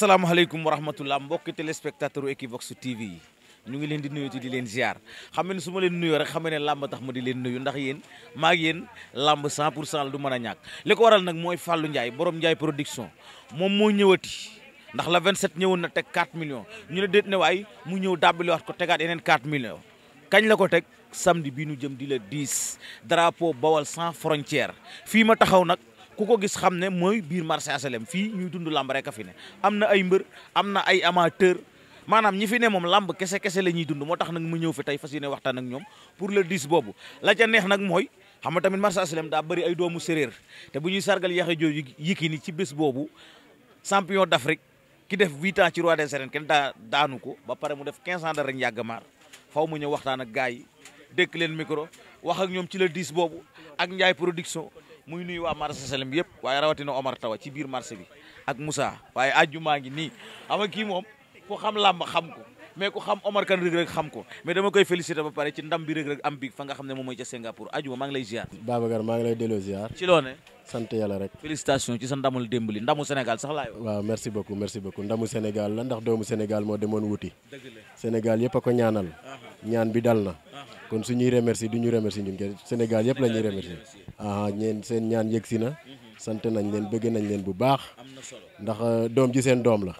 asalaamaaleykum wa rahmatullah mbokki téléspectateur Equivox TV yi ñu ngi leen di nuyu di leen ziar xam ne su ma leen nuyoo rek xam ne làmb tax ma di leen nuyu ndax yéen maa ngi làmb 100 pour cent la du mën a ñàkk li ko waral nag mooy Fallou Ndiaye borom Ndiaye production moom moo ñëwati. ndax la 27 ñëwoon na teg 4 millions ñu ne déet ne waay mu ñëw dàbbaliwaat ko tegaat yeneen 4 millions kañ la ko teg samedi bii nu jëm di la 10 drapeau Bawal sans frontière fii ma taxaw nag. ku ko gis xam ne mooy biir marché HLM fii ñuy dund lamb rek a fi ne am na ay mbër am na ay amateur maanaam ñi fi ne moom lamb kese kese la ñuy dund moo tax nag mu ñëw fi tey fas yéene waxtaan ak ñoom pour le 10 boobu la ca neex nag mooy xam nga tamit marché HLM daa bëri ay doomu séréer te bu ñuy sargal yaxe jooju Yékini ci bés boobu champion d'Afrique ki def huit ans ci roi des arènes kenn daanu ko ba pare mu def quinze ans de règne yàgg maar faw mu ñëw waxtaan ak gars yi dékk leen micro wax ak ñoom ci le muy nuyu waa marché Salem yëpp waaye rawatina Omar Tawa ci biir marché bi ak Moussa waaye àjjuma ngi nii ama kii moom ku xam làmb xam ko mais ku xam Omar kan Reug Reug xam ko mais dama koy féliciter ba pare ci ndam bi Reug Reug am bi fa nga xam ne moom mooy ca Singapour àjjuma maa ngi lay ziar. Babacar maa ngi lay delloo ziar. ci loone sant yàlla rek. félicitations ci sa ndamul démb li ndamu Sénégal sax laay wax. waaw merci beaucoup merci beaucoup ndamu Sénégal la ndax doomu moo demoon wuti. dëgg la Sénégal yëpp a ko ñaanal. ñaan bi dal kon suñuy remercier du ñu remercier ñun kese Sénégal yëpp la ñuy remercier ñeen seen ñaan yëg si na sant nañ leen bëgg nañ leen bu baax ndax euh, doom ji seen doom la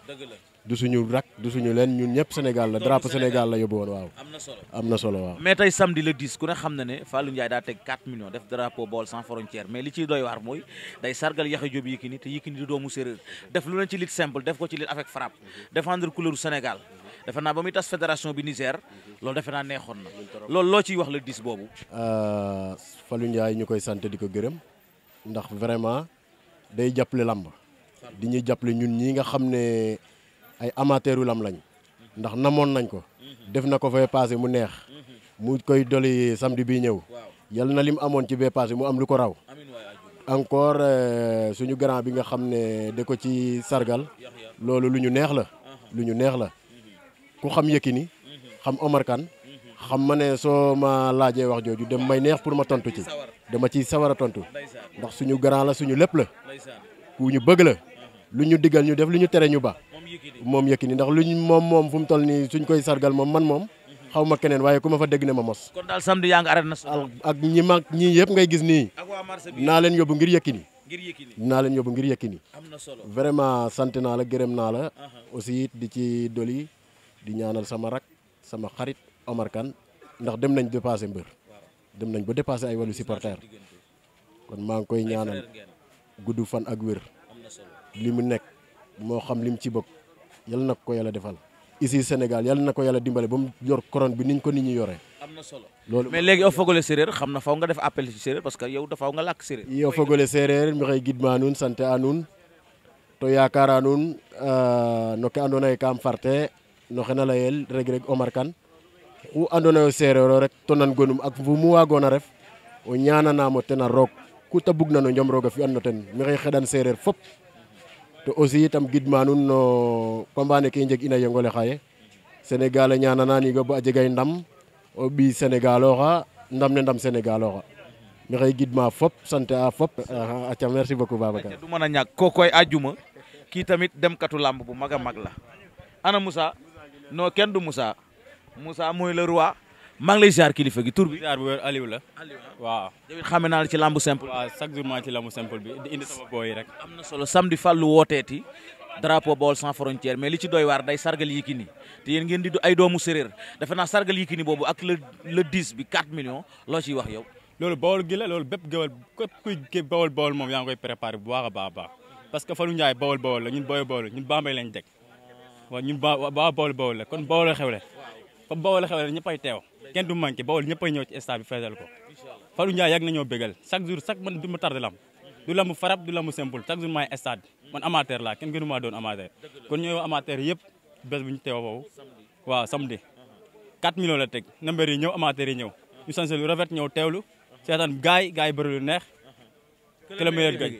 du suñu rak du suñu leen ñun ñëpp Sénégal la drapeau Sénégal la yóbbu woon waaw. am na solo am na solo waaw. mais tey samedi le 10 ku ne xam na ne Fallou Ndiaye daa teg 4 millions def drapeau Baol sans frontière mais li ciy doy waar mooy day sargal Yaxya Diop Yékini te Yékini di doomu séeréer def lu leen ci lit simple def ko ci lit avec frappe défendre couleur defe naa ba muy tas fédération bi mhm. loolu defe naa neexoon na lool loo ciy wax la dis boobu. Euh, Fallou Ndiaye ñu koy sant di ko gërëm ndax vraiment day jàppale làmb di ñuy jàppale ñun ñi nga xam ne ay amateuru lam lañ ndax namoon nañ ko mhm. def na ko fay passé mu neex mhm. mu koy doli samedi bii ñëw yal na lim amoon ci bee passé mu am lu ko raw encore euh, suñu grand bi nga xam ne de ko ci sargal loolu lu ñu neex la lu ñu neex la ku xam Yékini xam Omar Kane xam ma ne soo ma laajee wax jooju dem may neex pour ma tontu ci dama ciy sawar a tontu ndax suñu grand la suñu lépp la ku ñu bëgg la lu ñu digal ñu def lu ñu tere ñu ba moom Yékini ndax luñ moom moom fu mu toll nii suñ koy sargal moom man moom xaw ma keneen waaye ku ma fa dégg ne ma mos. kon daal samedi yaa ngi arrêté na ak ñi mag ñii yëpp ngay gis nii naa leen yóbbu ngir Yékini naa leen yóbbu ngir Yékini vraiment sant naa la gërëm naa la aussi di ci doli di ñaanal sama rak sama xarit Omar kan ndax dem nañ dépassé mbër dem nañ ba dépassé ay wàllu supporter kon maa ngi koy ñaanal guddu fan ak wér li mu nekk moo xam li mu ci bëgg yal na ko yàlla defal ici Sénégal yal na ko yàlla dimbale ba mu yor couronne bi niñ ko nit ñi yoree. am na solo loolu mais léegi yow fogole séeréer xam na faw nga def appel parce que yow dafaw nga làkk séeréer. yow fogole séeréer mi xëy gidma nuun sant a nuun to yaakaara nuun euh, no ke andoona yee kaam farte no xena layel Reug Reug Omar Kane xu andoona seereer rek to gonum ak fu mu waagoona ref o ñaananaam o ten a roog ku ta bugna no njom roog a fi'an no ten maxey xeɗan seereer fop to aussi itam gidma nuun no combat ke i njeg'ina yeng ole xaye Sénégal a ñaanana niig o a jegay ndam o ɓiy Sénégal oxa ndam ne ndam Sénégal gidma fop sant a fop aca merci beaucoup Babacar du a ñàkk ko tamit dem katu làmb bu mag a mag la non kenn du musa Moussa mooy le roi maa ngi lay ziar kilifa gi tur bi. ziar bu wér Aliou la. Aliou waaw. yow it xame naa la ci lambu simple. waaw chaque jour maa ci lambu simple bi indi sama booy rek. na solo samedi fàllu wooteeti drapeau Baol sans frontière mais li ci doy waar day sargal Yékini te yéen ngeen di ay doomu séréer defe naa sargal Yékini boobu ak le le 10 bi 4 millions loo ciy wax yow. loolu Baol gi la loolu bépp géwal képp kuy Baol Baol moom yaa ngi koy préparé bu baax a baax a baax parce que Fallou Ndiaye Baol Baol la ñun booy Baol la ñun Bambey lañ dëkk waaw ñun ba waa Bawol Bawol la kon Bawol la xewle comme Bawol la xewle la ñëppay teew kenn du manqué Bawol ñëppay ñëw ci stade bi feesal ko Fallou Ndiaye yàgg nañoo bégal chaque jour chaque man du ma tardé lamb du lamb farab du lamb simple chaque jour maay stade man amateur laa kenn gënu maa doon amateur kon ñooy amateur yëpp bés bu ñu teew foofu waaw samedi 4 millions la teg number yi ñëw amateur yi ñëw ñu sansé lu rafet ñëw teewlu seetaan gaay gaay bëri lu neex kilomètre gañ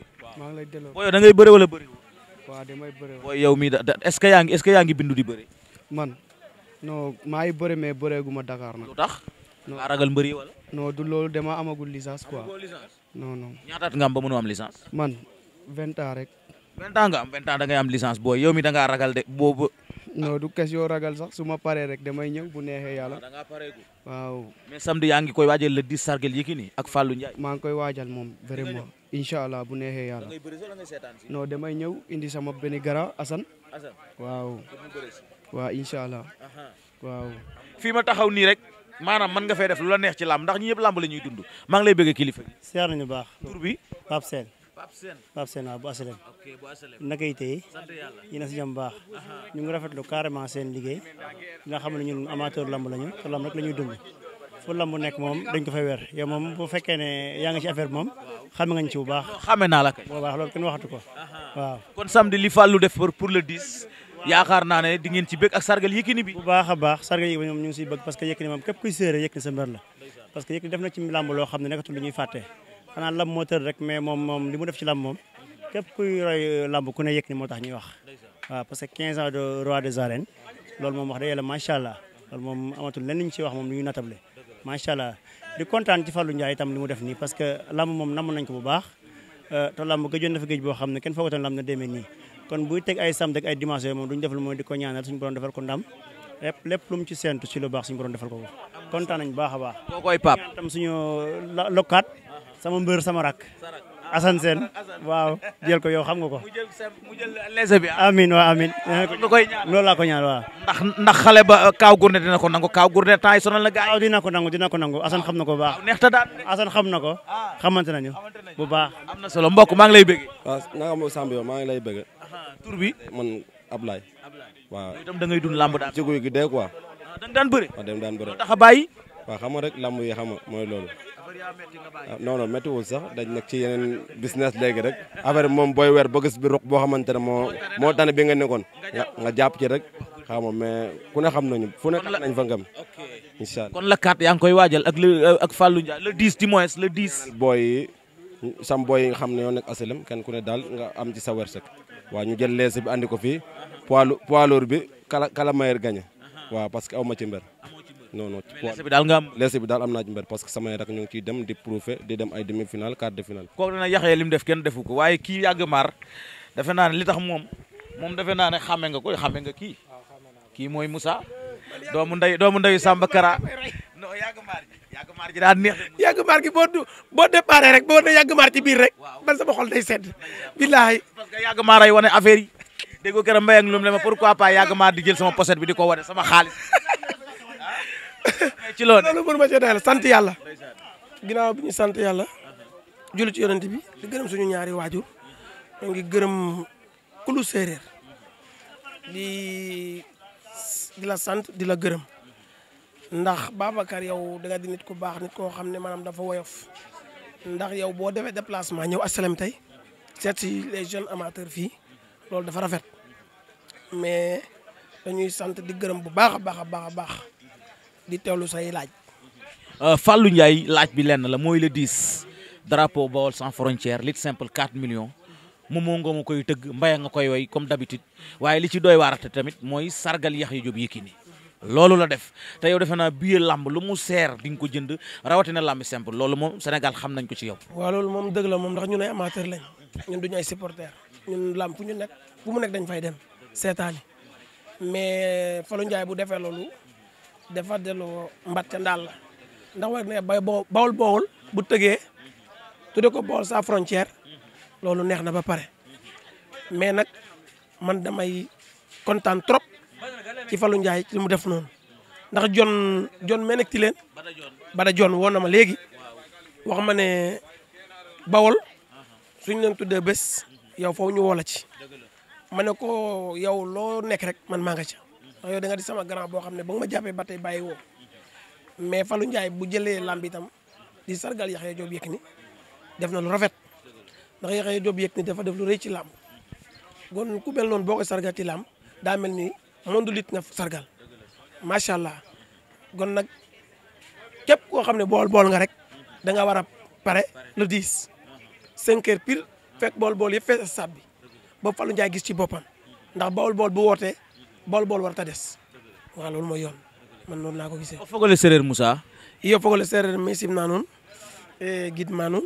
waaw damay bëre waaw yow mii da est-ce que yaa ngi bindu di bëre. man non maa ngi bëre mais bëreegu ma Dakar nag. lu tax. non maa ragal mbëri wala. non du loolu dama amagul licence quoi. non non. ñaataat nga am ba mënoo am licence. man vingt ans rek. vingt ans nga am vingt ans da ngay am licence booy mi da ngaa ragal de boobu. non du question ragal sax su ma paree rek damay ñëw bu neexee yàlla. Ah, waaw mais samedi yaa ngi koy waajal le 10 sargal Yékini ak Fallou Ndiaye. maa ngi koy waajal moom vraiment incha allah bu neexee yàlla. noo damay ñëw indi sama benn gara Assane. waaw waaw incha allah waaw. fii ma taxaw nii rek maanaam man nga fay def lu la neex ci làmb ndax ñi ñëpp làmb la ñuy dund maa ngi lay bëgg kilifa gi. seer nañu baax tur bi Pape Sène Pape Sène waaw bu asalem naka yi tey yéen a si jàmm baax ñu ngi rafetlu carrément seen liggéey nga xam ne ñun amateur lamb lañu te lamb rek la ñuy dund lamb nekk moom dañ ko fay weer yow moom bu fekkee ne yaa ngi ci affaire moom xame nga ñu ci bu baax xame naa la kay bu baax bi bu baax a baax sargal Yékini bi ñu ngi siy bëgg parce que Yékini moom képp kuy séeré Yékini sa mbër la parce que Yékini def na ci lamb loo xam ne nekkatul lu ñuy xanaa lamb moo tër rek mais moom moom li mu def ci lamb moom képp kuy roy euh, lamb ku ne ni moo tax ñuy wax waaw parce que 15 ans de roi des arènes loolu moom wax dëgg yàlla macha allah loolu moom amatul lenn ñu ci wax moom lu ñu natable macha allah di kontaan ci Fallou Ndiaye itam li mu def nii parce que lamb moom namm nañ ko bu baax euh, te lamb gëjoon dafa géej boo xam ne kenn foogotoon lamb na demee nii kon buy teg ay samedi ak ay dimanche moom duñu def lu di ko ñaanal suñu borom defal ko ndam lépp lépp lu mu ci séntu ci lu baax suñu borom defal ko ko kontaan nañu baax a baax. boo koy paap tam suñu lokkaat sama mbër sama rakk. Assane Sène waaw jël ko yow xam nga ko. mu jël mu bi. Ah. amiin waaw amiin. Ah, nga koy ñaan loolu laa ko ñaan waaw. ndax ndax xale ba uh, Kaaw Gourdin dina ko nangu Kaaw Gourdin temps yi sonal na dina ko nangu dina ko nangu Assane xam na ko bu baax. neex ta daan Assane xam na ko. Ah. xamante nañu baax. am na solo mbokk maa ngi lay bëgg. ma lay bëgg. tur bi man. Ablaye. waaw loolu itam da ngay dund làmb daal ci guy gi dee ko ah, da nga daan bëre. Ah, waaw da waa daan xam nga rek làmb yi xam nga mooy loolu. Ah, non non méttiwul sax dañ nekk ci yeneen business léegi rek affaire bi moom booy weer ba gis bi roq boo xamante ne moo moo tane bi nga nekkoon nga nga jàpp ci rek xam nga mais ku ne xam nañu fu ne tax nañ fa ngam incha allah kon la carte yaa ngi koy waajal ak euh, ak Fallou Ndiaye le 10 du mois le 10. booy sam booy yi nga xam ne yoon nekk asalam kenn ku ne daal nga am ci sa wërsëg waaw ñu jël lees bi andi ko fii poids poids lourd bi kala kala mayer gagné waaw parce que aw ma ci mbër non non bi daal nga am lees bi daal am naa ci mbër parce que samay rak ñu ngi ciy dem di prouver di dem ay demi finale quart de finale kooku dana yaxee li mu def kenn defu ko waaye kii yàgg maar defe naa ne li tax moom moom defe naa ne xàmme nga ko xàmme nga kii kii mooy Moussa doomu nday doomu nday Samba Kara non yàgg maar ji yàgg maar ji daa neex yàgg maar gi boo boo rek boo ne yàgg ci biir rek man sama xol day sedd billahi parce yàgg maar ay wane affaire yi dégg ko keroog mbay ak lum le yàgg maar di jël sama pochette bi di ko wane sama xaalis ci loolu loolu mënu ma ci sant yàlla ginnaaw bi ñu sant yàlla julli ci yonent bi di gërëm suñu ñaari waajur ñoo ngi gërëm kulu séeréer di di la sant di la gërëm ndax Babacar yow da nga di nit ku baax nit koo xam ne maanaam dafa woyof ndax yow boo defee déplacement ñëw a tey seet si les jeunes amateurs fii loolu dafa rafet mais dañuy sant di gërëm bu baax a baax a baax a baax di teewlu say laaj. Euh, Fallou Ndiaye laaj bi lenn la mooy le 10 drapeau Baol sans frontière lit simple quatre millions moom moo nga ma koy tëgg mbaya nga koy woy comme d'habitude waaye li ci dooy waarate tamit mooy sargal Yaxya Jóob Yékini loolu la def te yow defe naa billet làmb lu mu seer di nga ko jënd rawatina làmb simple loolu moom Sénégal xam nañ ko ci yow. waaw loolu moom dëgg la moom ndax ñun ay amateur lañ ñun duñu ay supporters ñun làmb fu ñu nekk fu mu nekk dañ fay dem seetaani mais Fallou njaay bu defee loolu dafa delloo mbatte ndaal la ndax war ne bay bawol bawol bu tëgee tudde ko bawol sa frontière loolu neex na ba pare mais nag man damay kontaan trop. ci Fallou njaay ci li mu def noonu ndax jon jon me nekk ci leen bada jon woon na ma léegi wax ma ne bawol suñ leen tuddee bés yow foofu ñu woola ci ma ne ko yow loo nekk rek man maa nga ca ndax yow da di sama grand boo xam ne ba nga ma jàppee ba tey bàyyi woo mais Fallou njaay bu jëlee lamb itam di sargal Yaxya Joob ni def na lu rafet ndax Yaxya Joob ni dafa def lu rëy ci làmb kon ku mel noonu boo ko sargal ci làmb daa ni monde lutte nga sargal macha allah kon nag képp koo xam ne bool-bool nga rek da nga war a pare le 10 5 heures pile bool-bool yëpp fees stade bi ba Fallou Ndiaye gis ci boppam ndax bool-bool bu wootee bool-bool war ta des waa loolu mooy yoon man noonu laa ko gisee. fogole séréer Moussa. iyo fogole séréer mi simna nuun e eh, gidma nuun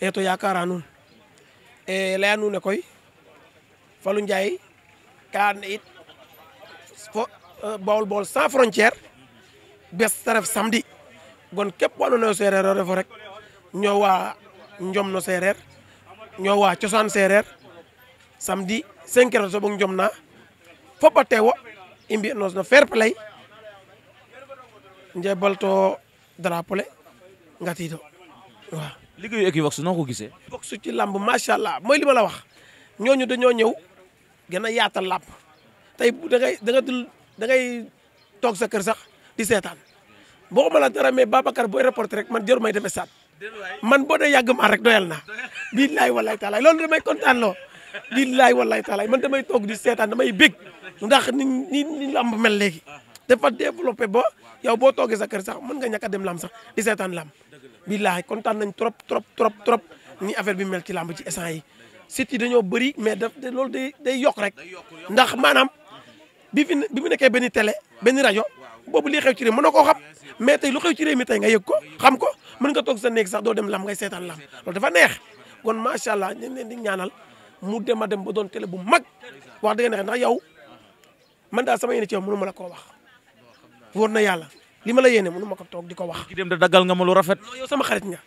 e eh, to yakara nuun e eh, leya nuun ne koy Fallou Ndiaye ka and fo euh, Bawol Bawol sans frontière bés taref samedi gon képp ku andoona yee seereer o refo rek ñoo waa njom no seereer ñoo waa cosaan seereer samdi 5 heures soɓong njom na fop a teewo i mbi'anoos play njebal to drapeau le ngatiido waaw liggéeyu Equivox noo ko gisee Equivox ci làmb macha allah mooy lima la wax ñooñu dañoo ñëw gën a yaatal làmb tey da ngay da nga dul da ngay toog sa kër sax di seetaan boo ko la dara mais Babacar booy reporté rek man jarul may demee saat man boo dee yàgg maa rek doyal naa. billaay wallaay taalaay loolu damay kontaan loo billaay wallaay taalaay man damay toog di seetaan may bég ndax ni ni ni lamb mel léegi dafa développé ba yow boo toogee sa kër sax mën nga ñàkk a dem lamb sax di seetaan lamb billaay kontaan nañ trop trop trop trop ni affaire bi mel ci lamb ci instant yi sites yi dañoo bëri mais daf loolu day day yokk rek ndax maanaam. bii fi bi mu nekkee benn tele benn rajo boobu lii xew ci réew na koo xam mais tey lu xew ci réew mi tey nga yëg ko xam ko mën nga toog sa néeg sax doo dem lam ngay seetaan lam loolu dafa neex kon macha allah ñu leen di ñaanal mu dem a dem ba doon télé bu mag wax dëgg neex ndax yow man daal sama yéene ci yow mënu ma la koo wax woor na yàlla li ma la yéene mënu ma ko toog di ko wax. ki dem da dagal nga ma lu rafet. yow sama xarit nga.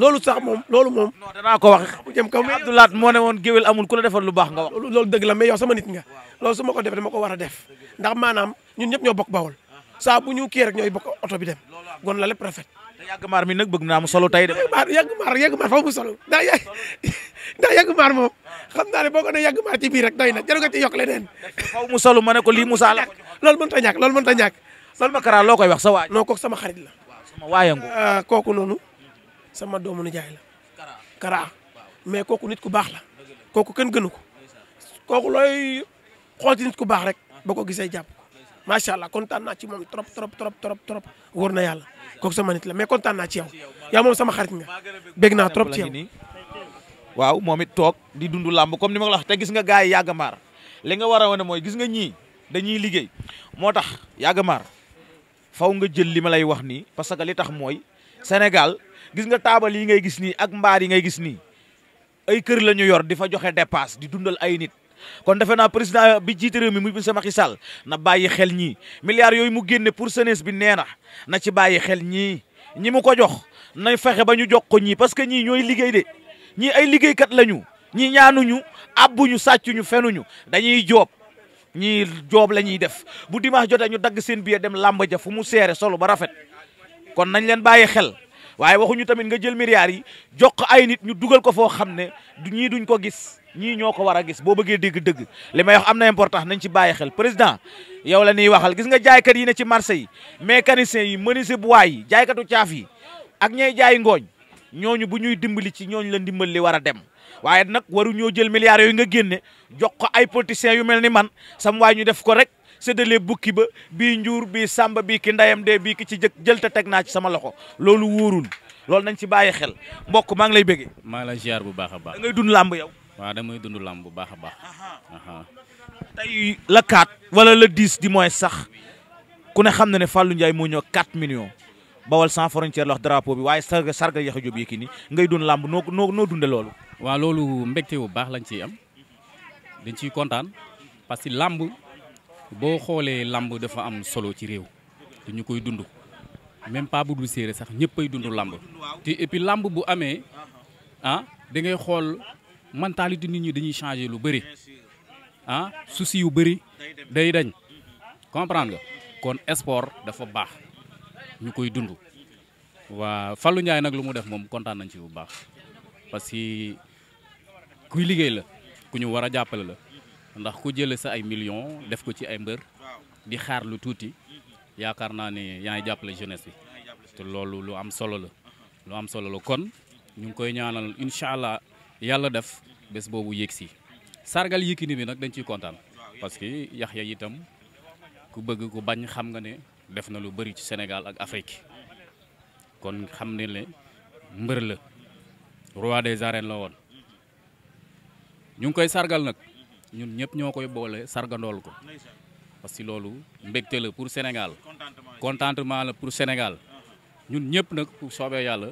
loolu sax moom loolu moom. non danaa ko wax jëm kaw mais moo ne woon géwél amul ku la defal lu baax nga wax. loolu dëgg la mais yow sama nit nga loolu su ma ko ko war a def ndax maanaam ñun ñëpp ñoo bokk bawol saa bu ñu kii rek ñooy bokk oto bi dem gon la lépp rafet. te yàgg maar mi nag bëgg naa mu solo tey de. yàgg maar yàgg maar fa mu solo ndax yàgg ndax yàgg maar moom xam naa ne boo ko nee yàgg maar ci biir rek doy na jaru nga ci yokk leneen. faw mu solo ma ne ko lii mu saala. loolu mënut a ñàkk loolu mënut a ñàkk. Salma Kara loo koy wax sa waay. non sama xarit la. waaw sama waayangu. Ah, kooku sama doomu nijaay la Kara mais kooku nit ku baax la kooku kën gënu ko kooku looy xool ci nit ku baax rek boo ko gisee jàpp ko macha allah kontaan naa ci moom trop trop trop trop trop na yàlla kooku sama nit la mais kontaan naa ci yow yow moom sama xarit nga bégg naa trop ci yow. waaw moom it toog di dundu làmb comme ni ma la te gis nga gars yi yàgg li nga war a wane mooy gis nga ñii dañuy liggéey moo tax yàgg faw nga jël li ma lay wax nii parce que li tax mooy Sénégal. gis nga taabal yi ngay gis nii ak mbaar yi ngay gis nii ay kër lañu yor di fa joxe dépasse di dundal ay nit kon defe naa président bi jiite mi mu monsieur Macky Sall na bàyyi xel ñii milliards yooyu mu génne pour jeunesse bi nee na na ci bàyyi xel ñii ñi mu ko jox na fexe ba ñu jox ko ñii parce que ñii ñooy liggéey de ñii ay liggéey liggéeykat lañu ñii ñaanuñu abbuñu sàccuñu fenuñu dañuy joob ñii joob la ñuy def bu dimanche jotee ñu dagg seen billet dem làmb ja fu mu seere solo ba rafet kon nañ leen bàyyi xel waaye waxuñu tamit nga jël milliards yi jox ko ay nit ñu dugal ko foo xam ne du ñii duñ ko gis ñii ñoo ko war a gis boo bëggee dégg dëgg li may wax am na importance nañ ci bàyyi xel président yow la ñuy waxal gis nga jaaykat yi ne ci marché yi mécanicien yi menuisier bois yi jaaykatu caaf yi ak ñay jaay ngooñ ñooñu bu ñuy dimbali ci ñooñu la ndimbal li war a dem waaye nag waru ñoo jël milliards yooyu nga génne jox ko ay politiciens yu mel ni man sam waay ñu def ko rek séddale bukki ba bii njuur bii sàmba bii ki ndayam dee bii ki ci jëkk jël te teg naa ci sama loxo loolu wóorul loolu nañ ci bàyyi xel mbokk maa ngi lay bëggee. maa ngi lay ziar bu baax a baax. da ngay dund làmb yow. waaw damay dund làmb bu baax a baax. tey la 4 wala la 10 di mooy sax ku ne xam na ne Fallou Ndiaye moo ñëw 4 million bawal sans frontière la wax drapeau bi waaye sarga sarga yaxa jóob yëkki ni ngay dund làmb noo noo noo dunde loolu. waaw loolu mbégte bu baax lañ ciy am boo xoolee làmb dafa am solo ci réew te ñu koy dund même pas bu dul séeréer sax ñëppay dund làmb te et làmb bu amee ah da ngay xool mentalité nit ñi dañuy changer lu bëri ah yu bëri day dañ comprendre nga kon sport dafa baax ñu koy dund waa fallu Ndiaye nag lu mu def moom kontaan nañ ci bu baax parce que kuy liggéey la ku ñu war a jàppale la. ndax ku jële sa ay millions def ko ci ay mbër di xaar lu tuuti yaakaar naa ne yaa ngi jàppale jeunesse bi que loolu lu am solo la lu am solo la kon ñu ngi koy ñaanal incha allah yàlla def bés boobu yéeg si sargal Yékini bi nag dañ ciy kontaan parce que Yaxya itam ku bëgg ku bañ xam nga ne def na lu bëri ci Sénégal ak Afrique kon xam ne le mbër la roi des arènes la woon ñu ngi koy sargal nag ñun ñëpp ñoo koy boole sargandool ko parce que loolu mbégte la pour Sénégal contentement la pour Sénégal ñun ñëpp nag pour soobee yàlla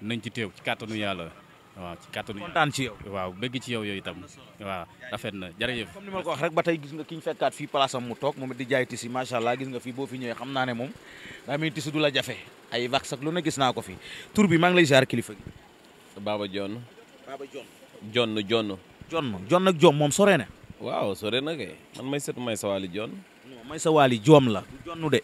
nañ ci teew ci kàttanu yàlla waa ci kàttanu kontaan ci yow waaw bëgg ci yow yooyu itam waaw rafet na jërëjëf comme ni ma ko wax rek ba tey gis nga ki ñu fekkaat fii place am mu toog moom it di jaay tisi macha allah gis nga fii boo fi ñëwee xam naa ne moom daa mel tisi du la jafe ay wax ak na gis naa ko fi tur bi maa ngi lay jaar kilifa gi Baba John Baba John John John John John sore na waaw sore na kay man may setu may sawaali joon non may sawaali joom la du de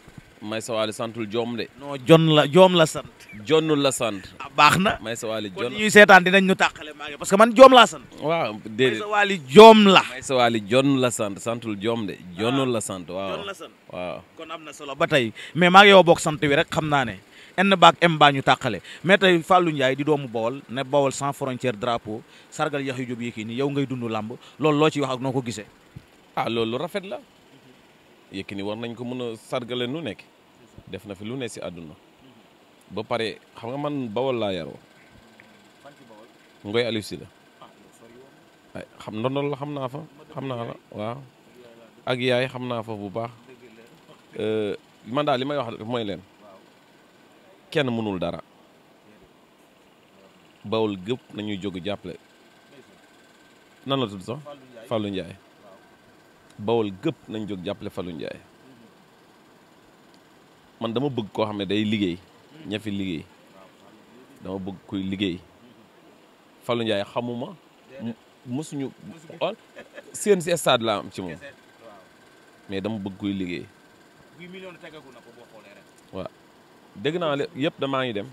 may sawaali santul joom de non jon la joom la sant jonnul la sant ah baax na may sawaali jon ñuy seetaan dinañ ñu tàqale maa parce que man joom laa sant waaw déedéet may sawaali joom la may sawaali jon la sant santul joom de jonnul ah, la sant waaw jon la sant waaw kon am na solo ba tey mais maa ngi bok bokk sant wi rek xam naa ne enn baak M baa ñu tàqale mais tey di doomu Bawol ne Bawol sans frontière drapeau sargal Yaxya Jóob Yékini yow ngay dund làmb lool loo ci wax ak noo ko gisee. ah loolu lu rafet la Yékini war nañ ko mën a sargale nu nekk def na fi lu ne si àdduna ba pare xam nga man Bawol laa yaroo Ngoy Aliou si la xam ndondol la xam naa fa xam naa la waaw ak yaay xam naa fa bu baax euh, man daal li may wax mooy leen. kenn mënul dara bawul gëpp nañuy jóg jàppale nan la tudd sax Fallou Ndiaye bawul gëpp nañ jóg jàppale Fallou Ndiaye man dama bëgg koo xam ne day liggéey ña liggéey dama bëgg kuy liggéey Fallou Ndiaye xamuma mosuñu ol seen si stade laa am ci moom mais dama bëgg kuy liggéey dégg naa lépp yëpp da maa ngi dem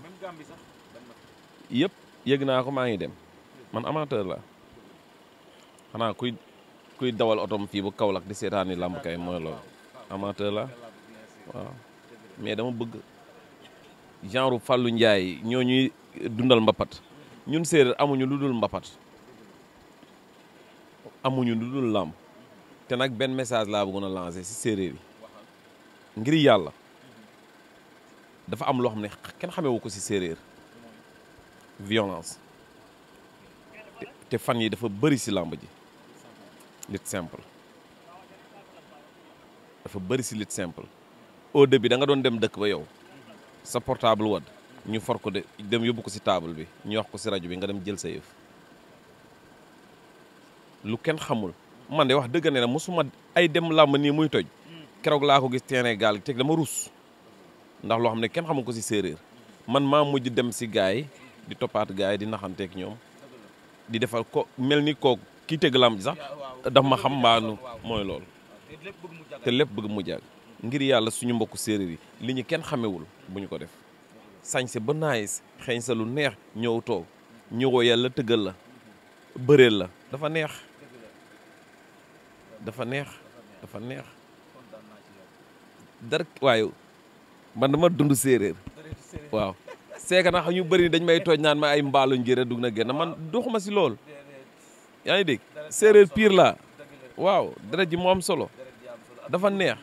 yëpp yëg naa ko maa ngi dem man amateur la xanaa kuy kuy dawal otom fii bu Kaolack di seetaani làmb kay mooy loolu amateur la waaw mais dama bëgg genre Fallou njaay ñoo ñuy dundal mbapat ñun séeréer amuñu lu dul mbapat amuñu lu dul làmb te nag benn message laa bëggoon a lancer ci séeréer yi ngir yàlla dafa am loo xam ne kenn xamewu ko ci séeréer violence te fan yi dafa bari si làmb ji lutte simple dafa bari si lutte simple au début danga doon dem dëkk ba yow sa portable wad ñu for ko de dem yóbbu ko si table bi ñu wax ko si rajo bi nga dem jël sa yëf lu kenn xamul man de wax dëgg ne na mosuma ay dem làmb nii muy toj keroog laa ko gis terrain gaal teg dama rus ndax loo xam ne kenn xamu ko si séeréer man maa mujj dem si gaay yi di toppaat gaay yi di naxanteeg ñoom di defal ko mel ni kooku kii tëgg lam sax daf ma xam mbaanu mooy lool te lépp bëgg mu jàgg ngir yàlla suñu mbokku séeréer yi li ñu kenn xamewul bu ñu ko def sañse ba naayis xeeñ sa lu neex ñëw toog ñëwoo yàlla tëggal la bëreel la dafa neex dafa neex dafa neex dara waaye man dama dund séeréer waaw seeka na xam ñu bari dañ may tooj naan ma ay mbaalu njëre dugg na génn man doxuma si lool yaa ngi dégg séeréer piir la waaw deret ji moom solo dafa neex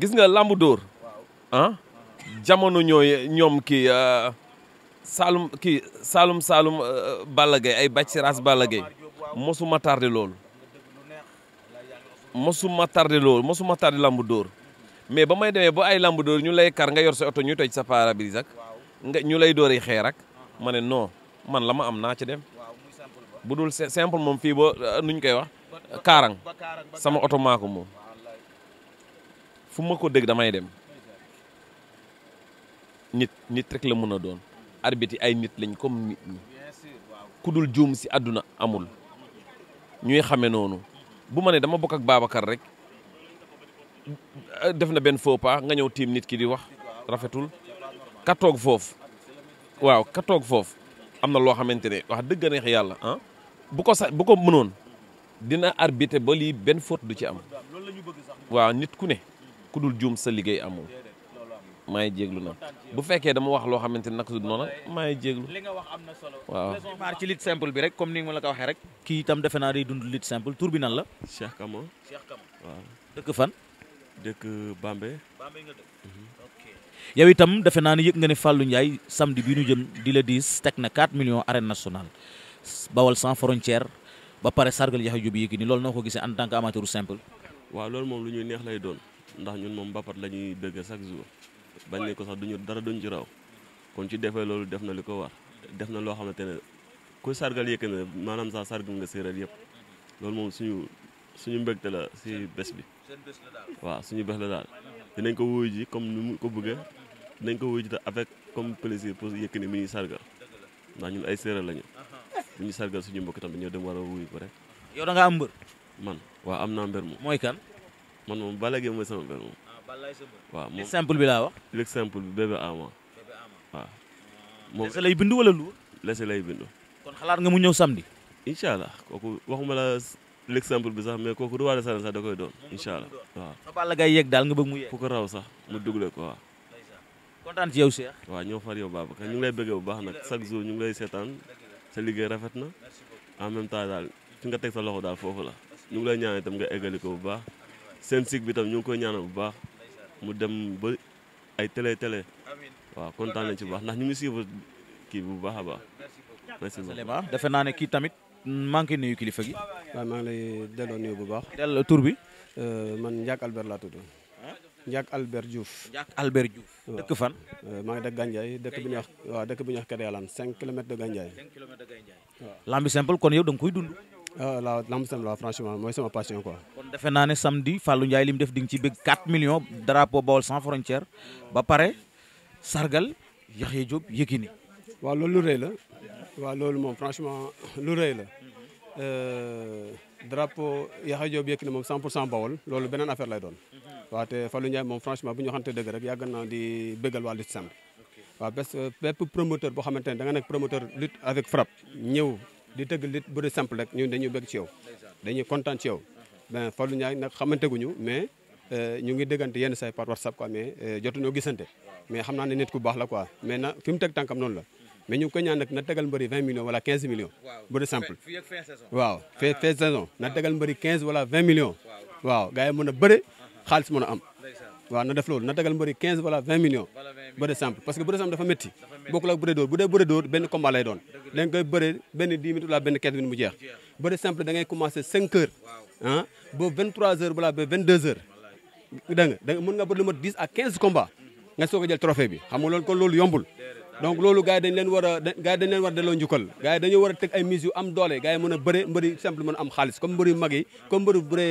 gis nga làmb dóor ah jamono ñooy ñoom kii ah, Saalum kii Saalum Saalum ah, Balla Gaye ay bàcc raas Balla Gaye mosuma tardé loolu mosuma tardé loolu mosuma tardé lamb dóor mais ba may demee ba ay lamb dóor ñu lay kar nga yor sa oto ñu toj sa pare-brise ak nga ñu lay door ay xeer ak ma ne non man la ma am naa ci dem bu dul simple moom fii ba euh, nuñ koy wax kaarang sama oto maako moom fu ma ko dégg damay dem nit nit rek la mën a doon arbitre ay nit lañ comme nit ku dul juum si àdduna amul ñuy xame noonu bu ma ne dama bokk ak Babacar rek Euh, def na benn faux nga ñëw tiim nit ki di wax rafetul ka foofu waaw katoog foofu am na loo xamante ne wax dëgg neex yàlla ah bu ko sa bu ko mënoon dina arbité ba lii benn foot du ci am waaw nit ku ne ku dul juum sa liggéey amul maa ngi jéglu nag bu fekkee dama wax loo xamante ne naka du noonu maa ngi jéglu li nga wax am na solo waaw maar ci lutte simple bi rek comme ni ma la ko waxee rek kii itam defe naa day dund lutte simple tur bi nan la Cheikh Kamo Cheikh Kamo waaw dëkk fan dëkk Bambey. Bambey nga dëkk. Mhm. ok yow itam defe naa ne yëg nga ne Fallou Ndiaye samedi bi ñu jëm di la diis teg na 4 millions arène nationale bawal sans frontière ba pare sargal Yaxya Jóob Yékini loolu noo ko gisee en tant que amateur simple. waaw loolu moom lu ñuy neex lay doon ndax ñun moom mbapat lañuy ñuy dëgg chaque bañ ne ko sax duñu dara duñ ci raw kon ci defee loolu def na li ko wax def na loo xamante ne ku sargal Yékini maanaam sax sargal nga séeréer yëpp loolu suñu mbégte la si bés bi waaw suñu bés la daal dinañ ko wuyu ji comme ni mu ko bëggee dinañ ko wuyu ji avec comme plaisir pour Yékini mi ñuy sargal ndax ñun ay séeréer lañu bu ñu sargal suñu mbokk tamit ñoo dem war a wuyu ko rek. yow da am mbër. man waaw am naa mbër moom. mooy kan. man moom Balla Gaye mooy sama mbër moom. Ah, waa moom simple bi laa wax. léeg simple bi bébé ama. waaw. Ah. moom lese lay bindu wala lu. lese lay bindu. kon xalaat nga mu ñëw samedi. incha allah kooku waxuma la l'exemple bi sax mais kooku roi des arènes sax koy doon incha allah waaw. fa Balla yegg daal nga bëgg mu yegg. ku ko raw sax mu dugle ko waaw. kontaan ci yow Cheikh. waaw ñoo far yow Babacar ñu ngi lay bu baax nag chaque jour ñu ngi lay seetaan sa liggéey rafet na en même temps daal nga teg sa loxo daal foofu la ñu ngi lay ñaan itam nga eggali ko bu baax seen sig bi tam ñu ngi koy ñaanal bu baax mu dem ba ay télé télé waaw kontaan nañ ci bu baax ndax ñu ngi suivre kii bu baax a baax. merci beaucoup defe naa ne kii tamit manqué nuyu kilifa gi. waaw maa ngi lay delloo nuyu bu baax. delloo tur bi. Euh, man Ndiak Albert laa tudd. Ndiak Albert Diouf. Ndiak Albert Diouf. dëkk fan. Euh, maa ngi dëkk Gandiaye dëkk bu ñuy wax waaw dëkk bu ñuy wax Kédéalan 5 kilomètres de Gandiaye. de Gandiaye. waaw lambi simple kon yow da koy dund. ah la lamb simple franchement mooy sama passion quoi. kon defe naa ne samedi Fallou Ndiaye li mu def di nga ci bëgg 4 millions drapeau Baol sans frontière ba pare sargal Yaxya Diop Yékini. waaw loolu lu rëy la. waaw loolu moom franchement lu rëy la. Euh, drapeau Yaxa Joob Yékini moom 100 pour cent Bawol loolu beneen affaire lay doon. waaw te Fallou Ndiaye moom franchement bu ñu waxante dëgg rek yàgg naa di bëggal waa lutte simple. waaw parce que bépp promoteur boo xamante ne da nga nekk promoteur lutte avec frappe ñëw di tëgg lutte bëri simple rek ñun dañu bëgg ci yow. dañuy kontaan ci yow. ben Fallou Ndiaye nag xamante ñu mais euh, ñu ngi déggante yenn say par WhatsApp quoi mais euh, jotuñoo gisante. mais xam naa ne nit ku baax la quoi mais na fi mu teg tànkam noonu la. mais ñu ngi koy ñaan nag na tegal mbëri 20 millions wala 15 millions. bu de simple waaw fin fin saison na tegal mbëri 15 wala 20 millions. waaw gars yi mën a bëre uh-huh. xaalis mën a am. waaw na def loolu na tegal mbëri 15 wala 20 millions. bëre simple parce que bëre simple dafa métti. bokkul ak bëre dóor bu dee bëre dóor benn combat lay doon. da nga koy bëre benn 10 minutes wala benn 15 minutes mu jeex. bëre simple da ngay commencé 5 heures ah ba 23 heures balaa ba 22 heures. dégg nga mën nga bëri lu mat 10 à 15 combats mm-hmm. nga soog a jël trophée bi xam nga loolu kon loolu yombul. donc loolu gars yi dañ leen war a gars a delloo njukkal gars yi dañoo a teg ay mise yu am doole gars yi mën a bëre mbëri simple mën am xaalis comme mbëri mag yi comme mbëri bëre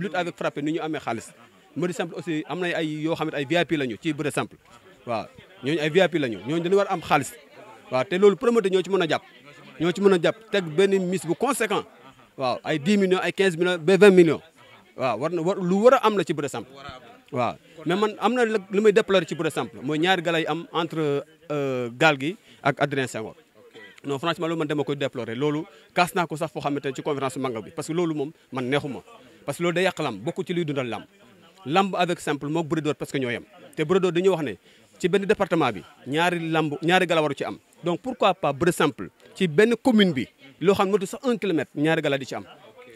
lutte avec frappe ni ñu amee xaalis mbëri simple aussi am na ay yoo xam ne ay VIP la ñu ci bëre simple waaw ñooñu ay VIP la ñu ñooñu dañu war am xaalis waaw te loolu promoteur ñoo ci mën a jàpp ñoo ci mën a jàpp teg benn mise bu conséquent waaw ay 10 millions ay 15 millions ba 20 millions waaw war na war lu war a am la ci bëre simple waaw mais man am na li may déplorer ci bëre simple mooy ñaari gala yi Euh, gaal gi ak Adrien Senghor non franchement loolu man dama déplorer loolu kaas naa ko sax foo xamante ne ci conférence manga bi parce que loolu moom man neexuma parce que loolu day yàq lamb bokku ci luy dundal lamb lamb avec simple moog bëri parce que ñoo yem te bëri door dañuy wax ne ci benn département bi ñaari lamb ñaari gala waru ci am donc pourquoi pas bëri simple ci benn commune bi loo xam ne motu sax un kilomètre ñaari gala di ci am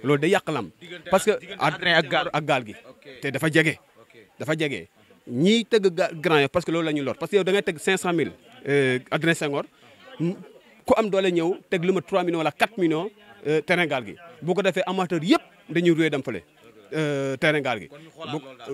loolu day yàq lamb parce que Adrien ak gaal gi te dafa jege dafa jege ñii tëgg Grand Yoff parce que loolu la ñuy lor parce que yow da ngay tëgg 500000 euh, Adrien Senghor ku am doole ñëw teg lu ma 3 millions wala 4 millions euh, terrain gaal gi bu ko defee amateur yëpp dañuy ruwee dem le euh, terrain gaal gi.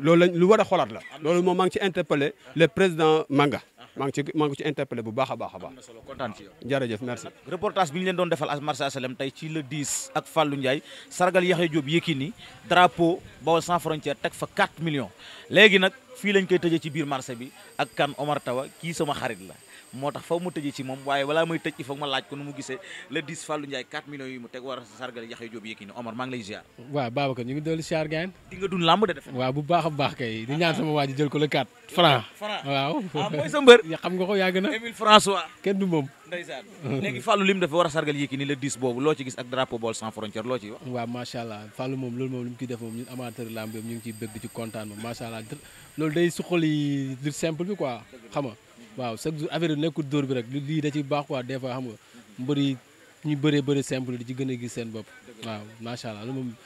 loolu lañ lu war a xoolaat la. loolu moom maa ngi ci interpellé le président Manga. maa ngi ci maa ci interpellé bu baax a baax a baax. am na kontaan ci yow. jërëjëf merci. reportage bi ñu leen doon defal a marché asalem tey ci le 10 ak Fallou Ndiaye sargal Yaxya Diop Yékini drapeau Baol sans frontière teg fa 4 millions léegi nag fii lañ koy tëjee ci biir marché bi ak kan Omar Tawa kii sama xarit la. moo tax faw ma tëjee ci moom waaye walaa may tëj il faut ma laaj ko nu mu gisee le 10 Fallou Ndiaye 4 millions yi mu teg war a sargal Yaxya Joob di nga dund làmb de defe waaw bu baax baax kay di ñaan sama waa jël ko le 4 franc franc waaw ah, yàgg na Émile François kenn du moom ndeysaan léegi a sargal Yékini loo ci gis ak drapeau Baol sans frontière loo ci wax waaw macha allah Fallou moom loolu moom li mu ciy def moom ñun amateur làmb ñu ngi bëgg ci kontaan moom macha allah loolu day suqali simple bi quoi xam waaw chaque jour affaire nekkul dóor bi rek lii da ci baax quoi des fois xam nga mbëri ñu bëree bëri simple di ci gën a gis seen bopp waaw macha allah moom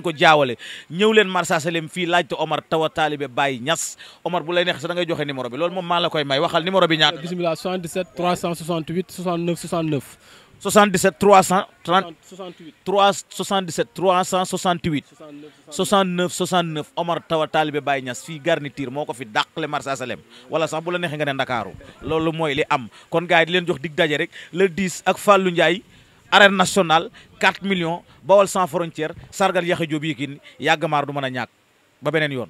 leen ko jaawale ñëw leen Marsassalem salem fii laajte Omar tawa taalibe Baye Niass Omar bu lay neex sa da ngay joxe numéro bi loolu moom maa la koy may waxal numéro bi ñaata bismillah 77 368 69 69 77 330 68 Omar Tawa Taalibe Baye Niass fii garniture moo ko fi dàqale Marsassalem wala sax bu la neexee nga ne Ndakaaru loolu mooy li am kon gars leen jox dig daje rek le 10 ak Fallou Ndiaye arène nationale 4 millions bawal sans frontière sargal Yaxya Joob Yékini yàgg maar du mën a ñàkk ba beneen yoon